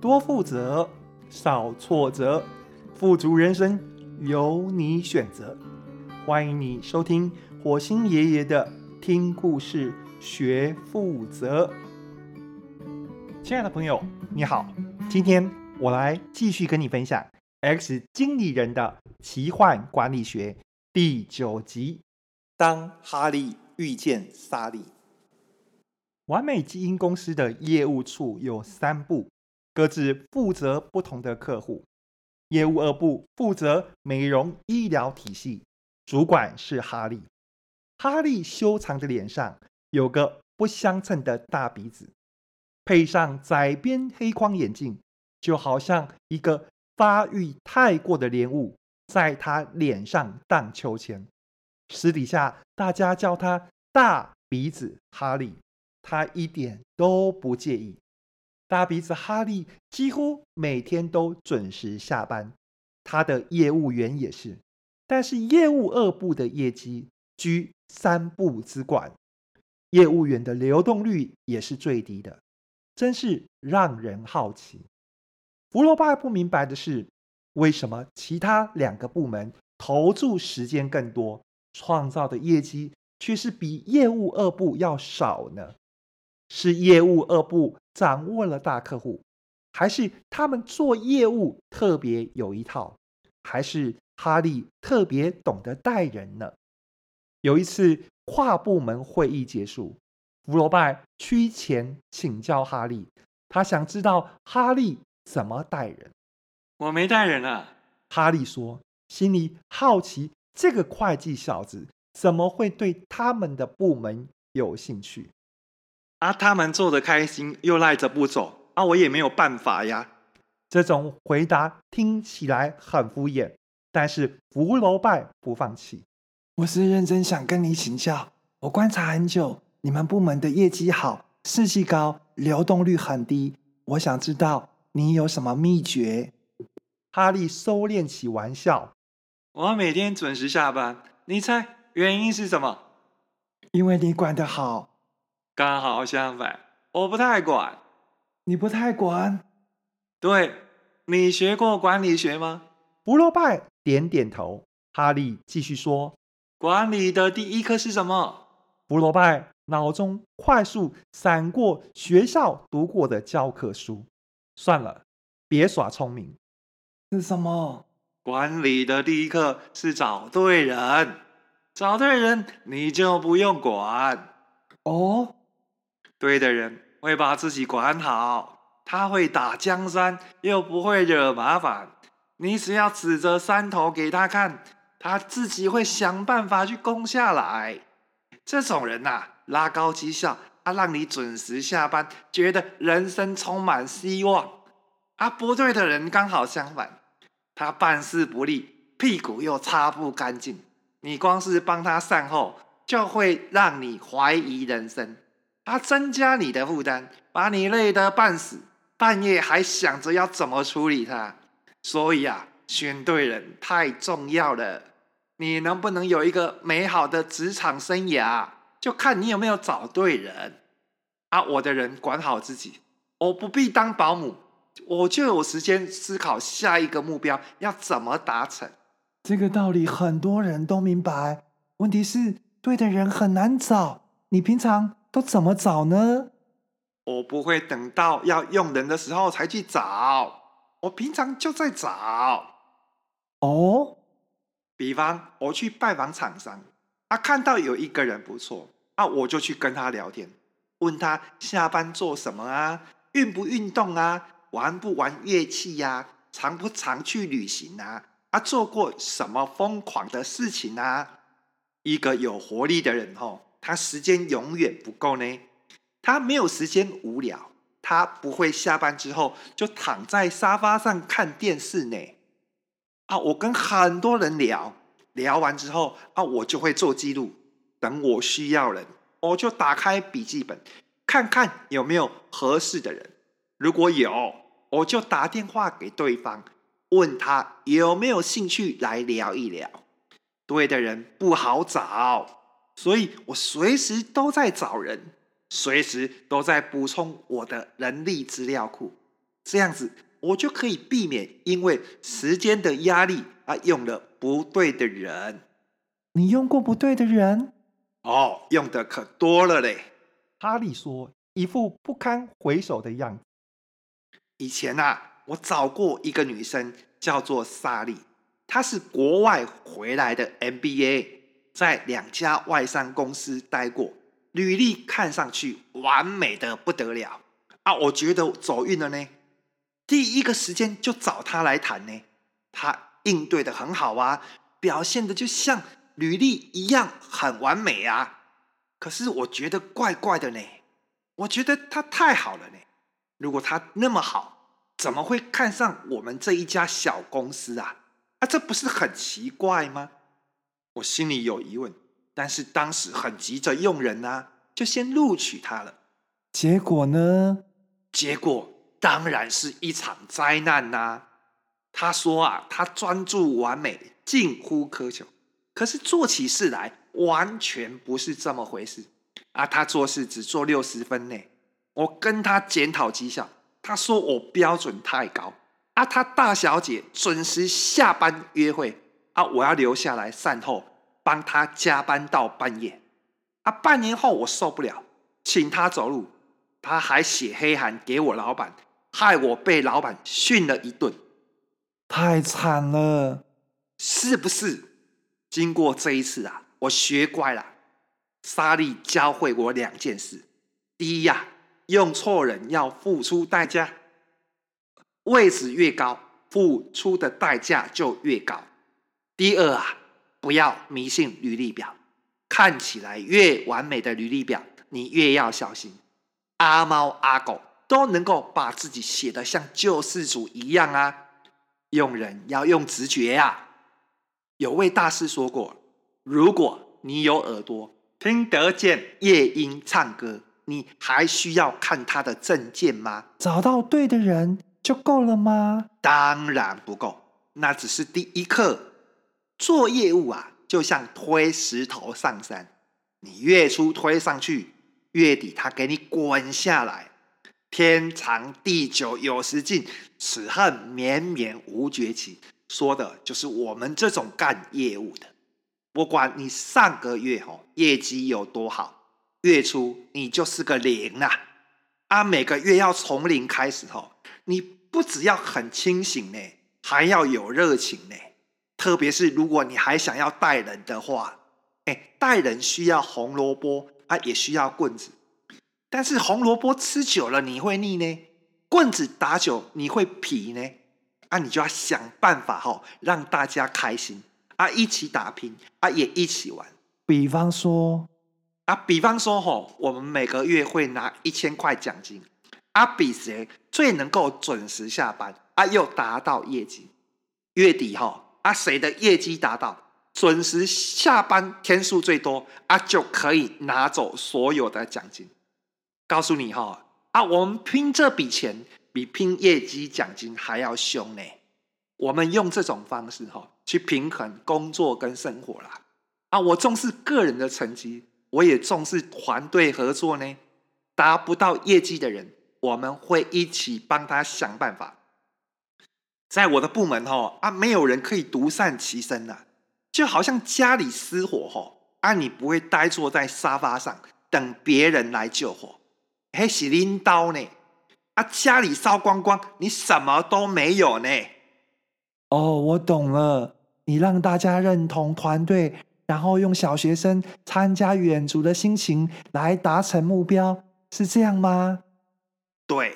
多富擇，少挫折，富足人生由你選擇。歡迎你收聽火星爺爺的聽故事學富擇。親愛的朋友，你好，今天我來繼續跟你分享《X 經理人的奇幻管理學》第九集：當哈利遇見莎莉。完美基因公司的業務處有三部。各自負責不同的客戶，業務二部負責美容醫療體系，主管是哈利。哈利修長的臉上有個不相稱的大鼻子，配上窄邊黑框眼鏡，就好像一個發育太過的蓮霧在他臉上盪秋千。私底下大家叫他“大鼻子哈利”，他一點都不介意。大鼻子哈利幾乎每天都準時下班，他的業務員也是。但是業務二部的業績居三部之冠，業務員的流動率也是最低的，真是讓人好奇。符樓拜不明白的是，為什麼其他兩個部門投注時間更多，創造的業績卻是比業務二部要少呢？是業務二部掌握了大客戶，還是他們做業務特別有一套？還是哈利特別懂得帶人呢？有一次跨部門會議結束，符樓拜趨前請教哈利，他想知道哈利怎麼帶人。我沒帶人啊，哈利說，心裡好奇這個會計小子怎麼會對他們的部門有興趣。啊，他們做得開心，又賴着不走，啊，我也沒有辦法呀。這種回答聽起來很敷衍，但是符樓拜不放棄。我是認真想跟你請教，我觀察很久，你們部門的業績好，士氣高，流動率很低，我想知道你有什麼秘訣。哈利收斂起玩笑，我每天準時下班，你猜原因是什麼？因為你管得好。剛好相反，我不太管。你不太管？對，你學過管理學嗎？符樓拜點點頭。哈利繼續說：“管理的第一課是什麼？”符樓拜腦中快速閃過學校讀過的教科書。算了，別耍聰明。是什麼？管理的第一課是找對人，找對人你就不用管。哦。對的人會把自己管好，他會打江山又不會惹麻煩。你只要指着山頭給他看，他自己會想辦法去攻下來。這種人吶、啊，拉高績效，他、啊、讓你準時下班，覺得人生充滿希望。啊，不對的人剛好相反，他辦事不力，屁股又擦不乾淨。你光是幫他善後，就會讓你懷疑人生。他增加你的負擔，把你累得半死，半夜還想着要怎麼處理他。所以啊，選對人太重要了。你能不能有一個美好的職場生涯，就看你有沒有找對人。啊，我的人管好自己，我不必當保姆，我就有時間思考下一個目標要怎麼達成。這個道理很多人都明白，問題是對的人很難找。你平常。我怎麼找呢？我不會等到要用人的時候才去找，我平常就在找。哦，比方我去拜訪廠商，他、啊、看到有一個人不錯，那、啊、我就去跟他聊天，問他下班做什麼啊？運不運動啊？玩不玩樂器呀、啊？常不常去旅行啊？啊，做過什麼瘋狂的事情啊？一個有活力的人哦。他時間永遠不夠呢，他沒有時間無聊，他不會下班之後就躺在沙發上看電視呢。啊，我跟很多人聊，聊完之後啊，我就會做記錄，等我需要人，我就打開筆記本，看看有沒有合適的人。如果有，我就打電話給對方，問他有沒有興趣來聊一聊。對的人不好找。所以我隨時都在找人，隨時都在補充我的人力資料庫，這樣子我就可以避免因為時間的壓力而用了不對的人。你用過不對的人？哦，用的可多了嘞。哈利說，一副不堪回首的樣子。以前啊，我找過一個女生，叫做莎莉，她是國外回來的 MBA。在兩家外商公司待過，履歷看上去完美得不得了啊！我覺得走運了呢。第一個時間就找他來談呢，他應對得很好啊，表現得就像履歷一樣很完美啊。可是我覺得怪怪的呢，我覺得他太好了呢。如果他那麼好，怎麼會看上我們這一家小公司啊？啊，這不是很奇怪嗎？我心裡有疑問，但是當時很急着用人啊，就先錄取他了。結果呢？結果當然是一場災難吶。他說啊，他專注完美，近乎苛求，可是做起事來完全不是這麼回事啊。他做事只做六十分內。我跟他檢討績效，他說我標準太高啊。他大小姐準時下班約會。啊！我要留下來善後，幫他加班到半夜。啊，半年後我受不了，請他走路，他還寫黑函給我老闆，害我被老闆訓了一頓，太慘了，是不是？經過這一次啊，我學乖了。莎莉教會我兩件事：第一呀、啊，用錯人要付出代價，位置越高，付出的代價就越高。第二啊，不要迷信履歷表，看起來越完美的履歷表，你越要小心。阿貓阿狗都能夠把自己寫得像救世主一樣啊！用人要用直覺呀、啊。有位大師說過：“如果你有耳朵聽得見夜鶯唱歌，你還需要看他的證件嗎？找到對的人就夠了嗎？當然不夠，那只是第一課。”做業務啊，就像推石頭上山，你月初推上去，月底他給你滾下來。天長地久有時盡，此恨綿綿無絕期，說的就是我們這種幹業務的。不管你上個月哦，業績有多好，月初你就是個零吶啊。啊，每個月要從零開始哦，你不只要很清醒呢，還要有熱情呢。特別是如果你還想要帶人的話，哎、欸，帶人需要紅蘿蔔，啊，也需要棍子。但是紅蘿蔔吃久了你會膩呢，棍子打久你會皮呢。啊，你就要想辦法哈，讓大家開心啊，一起打拼啊，也一起玩。比方說啊，比方說哈，我們每個月會拿一千塊獎金啊，比誰最能夠準時下班啊，又達到業績，月底哈。啊，誰的業績達到準時下班天數最多啊，就可以拿走所有的獎金。告訴你哈，啊，我們拼這筆錢比拼業績獎金還要兇呢。我們用這種方式哈，去平衡工作跟生活啦。啊，我重視個人的成績，我也重視團隊合作呢。達不到業績的人，我們會一起幫他想辦法。在我的部門吼啊，沒有人可以獨善其身吶、啊，就好像家裡失火吼啊，你不會呆坐在沙發上等別人來救火，嘿，洗拎刀呢啊？家裡燒光光，你什麼都沒有呢？哦，我懂了，你讓大家認同團隊，然後用小學生參加遠足的心情來達成目標，是這樣嗎？對，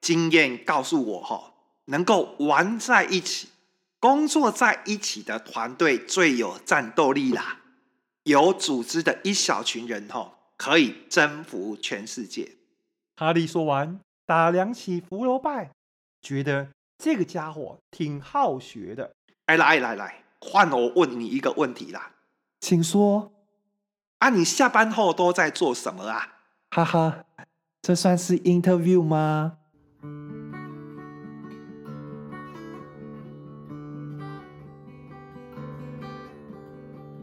經驗告訴我吼。能夠玩在一起、工作在一起的團隊最有戰鬥力啦！有組織的一小群人，吼，可以征服全世界。哈利說完，打量起符樓拜，覺得這個家伙挺好學的。欸、來來來，換我問你一個問題啦，請說。啊，你下班後都在做什麼啊？哈哈，這算是 interview 嗎？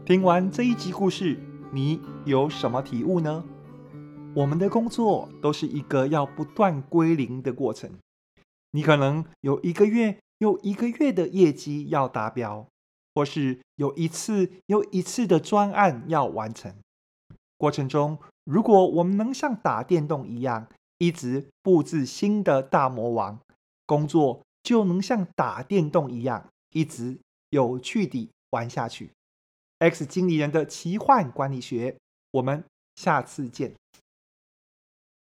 聽完這一集故事，你有什麼體悟呢？我們的工作都是一個要不斷歸零的過程。你可能有一個月又一個月的業績要達標，或是有一次又一次的專案要完成。過程中，如果我們能像打電動一樣，一直布置新的大魔王，工作就能像打電動一樣，一直有趣地玩下去。X 經理人的奇幻管理學，我們下次見。